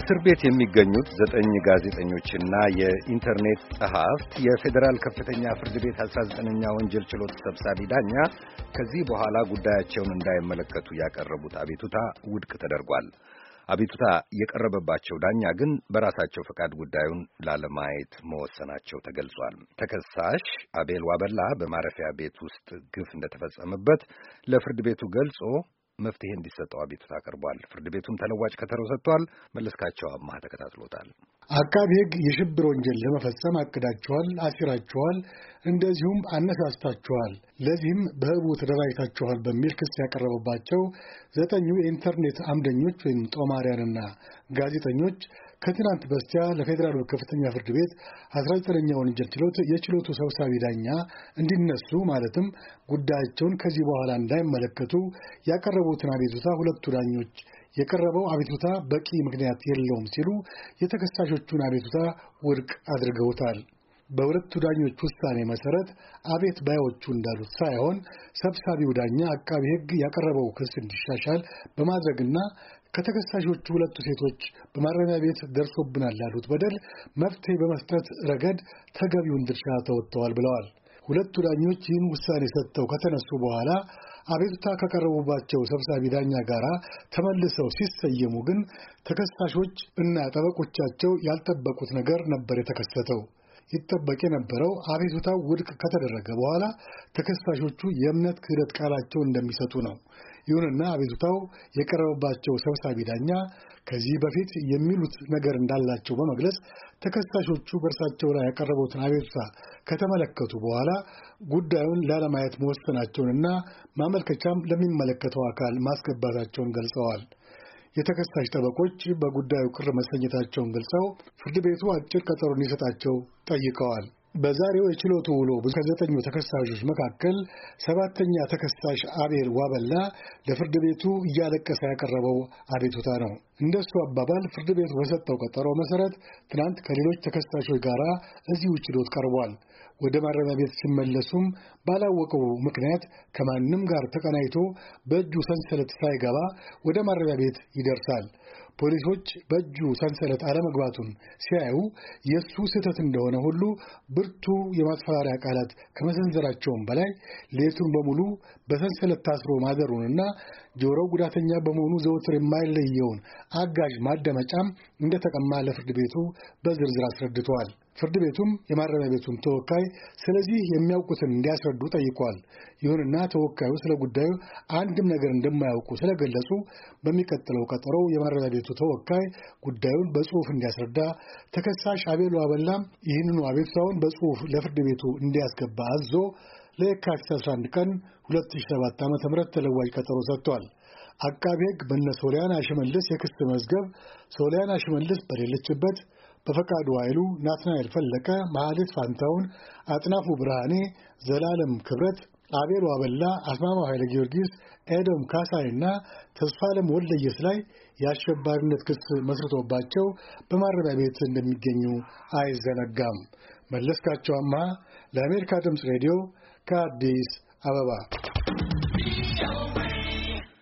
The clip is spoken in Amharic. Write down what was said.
እስር ቤት የሚገኙት ዘጠኝ ጋዜጠኞችና የኢንተርኔት ጸሐፍት የፌዴራል ከፍተኛ ፍርድ ቤት 19ኛ ወንጀል ችሎት ሰብሳቢ ዳኛ ከዚህ በኋላ ጉዳያቸውን እንዳይመለከቱ ያቀረቡት አቤቱታ ውድቅ ተደርጓል። አቤቱታ የቀረበባቸው ዳኛ ግን በራሳቸው ፈቃድ ጉዳዩን ላለማየት መወሰናቸው ተገልጿል። ተከሳሽ አቤል ዋበላ በማረፊያ ቤት ውስጥ ግፍ እንደተፈጸመበት ለፍርድ ቤቱ ገልጾ መፍትሄ እንዲሰጠው አቤቱታ አቅርቧል። ፍርድ ቤቱም ተለዋጭ ከተሮ ሰጥቷል። መለስካቸው አማህ ተከታትሎታል። አቃቢ ሕግ የሽብር ወንጀል ለመፈጸም አቅዳችኋል፣ አሲራችኋል፣ እንደዚሁም አነሳስታችኋል፣ ለዚህም በህቡ ተደራጅታችኋል በሚል ክስ ያቀረበባቸው ዘጠኙ የኢንተርኔት አምደኞች ወይም ጦማሪያንና ጋዜጠኞች ከትናንት በስቲያ ለፌዴራሉ ከፍተኛ ፍርድ ቤት 19ኛ ወንጀል ችሎት የችሎቱ ሰብሳቢ ዳኛ እንዲነሱ ማለትም ጉዳያቸውን ከዚህ በኋላ እንዳይመለከቱ ያቀረቡትን አቤቱታ ሁለቱ ዳኞች የቀረበው አቤቱታ በቂ ምክንያት የለውም ሲሉ የተከሳሾቹን አቤቱታ ውድቅ አድርገውታል። በሁለቱ ዳኞች ውሳኔ መሰረት አቤት ባዮቹ እንዳሉት ሳይሆን ሰብሳቢው ዳኛ አቃቢ ሕግ ያቀረበው ክስ እንዲሻሻል በማድረግና ከተከሳሾቹ ሁለቱ ሴቶች በማረሚያ ቤት ደርሶብናል ላሉት በደል መፍትሄ በመስጠት ረገድ ተገቢውን ድርሻ ተወጥተዋል ብለዋል። ሁለቱ ዳኞች ይህን ውሳኔ ሰጥተው ከተነሱ በኋላ አቤቱታ ከቀረቡባቸው ሰብሳቢ ዳኛ ጋር ተመልሰው ሲሰየሙ ግን ተከሳሾች እና ጠበቆቻቸው ያልጠበቁት ነገር ነበር የተከሰተው። ይጠበቅ የነበረው አቤቱታ ውድቅ ከተደረገ በኋላ ተከሳሾቹ የእምነት ክህደት ቃላቸው እንደሚሰጡ ነው። ይሁንና አቤቱታው የቀረበባቸው ሰብሳቢ ዳኛ ከዚህ በፊት የሚሉት ነገር እንዳላቸው በመግለጽ ተከሳሾቹ በእርሳቸው ላይ ያቀረቡትን አቤቱታ ከተመለከቱ በኋላ ጉዳዩን ላለማየት መወሰናቸውንና ማመልከቻም ለሚመለከተው አካል ማስገባታቸውን ገልጸዋል። የተከሳሽ ጠበቆች በጉዳዩ ቅር መሰኘታቸውን ገልጸው ፍርድ ቤቱ አጭር ቀጠሮ እንዲሰጣቸው ጠይቀዋል። በዛሬው የችሎቱ ውሎ ከዘጠኙ ተከሳሾች መካከል ሰባተኛ ተከሳሽ አቤል ዋበላ ለፍርድ ቤቱ እያለቀሰ ያቀረበው አቤቱታ ነው። እንደሱ አባባል ፍርድ ቤቱ በሰጠው ቀጠሮ መሰረት ትናንት ከሌሎች ተከሳሾች ጋር እዚሁ ችሎት ቀርቧል። ወደ ማረሚያ ቤት ሲመለሱም ባላወቀው ምክንያት ከማንም ጋር ተቀናይቶ በእጁ ሰንሰለት ሳይገባ ወደ ማረሚያ ቤት ይደርሳል። ፖሊሶች በእጁ ሰንሰለት አለመግባቱን ሲያዩ የእሱ ስህተት እንደሆነ ሁሉ ብርቱ የማስፈራሪያ ቃላት ከመሰንዘራቸውም በላይ ሌቱን በሙሉ በሰንሰለት ታስሮ ማደሩንና ጆሮ ጉዳተኛ በመሆኑ ዘወትር የማይለየውን አጋዥ ማደመጫም እንደተቀማ ለፍርድ ቤቱ በዝርዝር አስረድተዋል። ፍርድ ቤቱም የማረሚያ ቤቱን ተወካይ ስለዚህ የሚያውቁትን እንዲያስረዱ ጠይቋል። ይሁንና ተወካዩ ስለ ጉዳዩ አንድም ነገር እንደማያውቁ ስለገለጹ በሚቀጥለው ቀጠሮ የማረሚያ ቤቱ ተወካይ ጉዳዩን በጽሁፍ እንዲያስረዳ፣ ተከሳሽ አቤሉ አበላም ይህንኑ አቤቱታውን በጽሁፍ ለፍርድ ቤቱ እንዲያስገባ አዞ ለየካቲት 11 ቀን 2007 ዓ ም ተለዋጅ ቀጠሮ ሰጥቷል። አቃቤ ሕግ በነ ሶሊያና ሽመልስ የክስ መዝገብ ሶሊያና ሽመልስ በሌለችበት በፈቃዱ ኃይሉ፣ ናትናኤል ፈለቀ፣ መሐሌት ፋንታውን፣ አጥናፉ ብርሃኔ፣ ዘላለም ክብረት፣ አቤል አበላ፣ አስማማው ኃይለ ጊዮርጊስ፣ ኤዶም ካሳይ እና ተስፋለም ወልደየስ ላይ የአሸባሪነት ክስ መስርቶባቸው በማረሚያ ቤት እንደሚገኙ አይዘነጋም። መለስካቸው አምሃ ለአሜሪካ ድምፅ ሬዲዮ ከአዲስ አበባ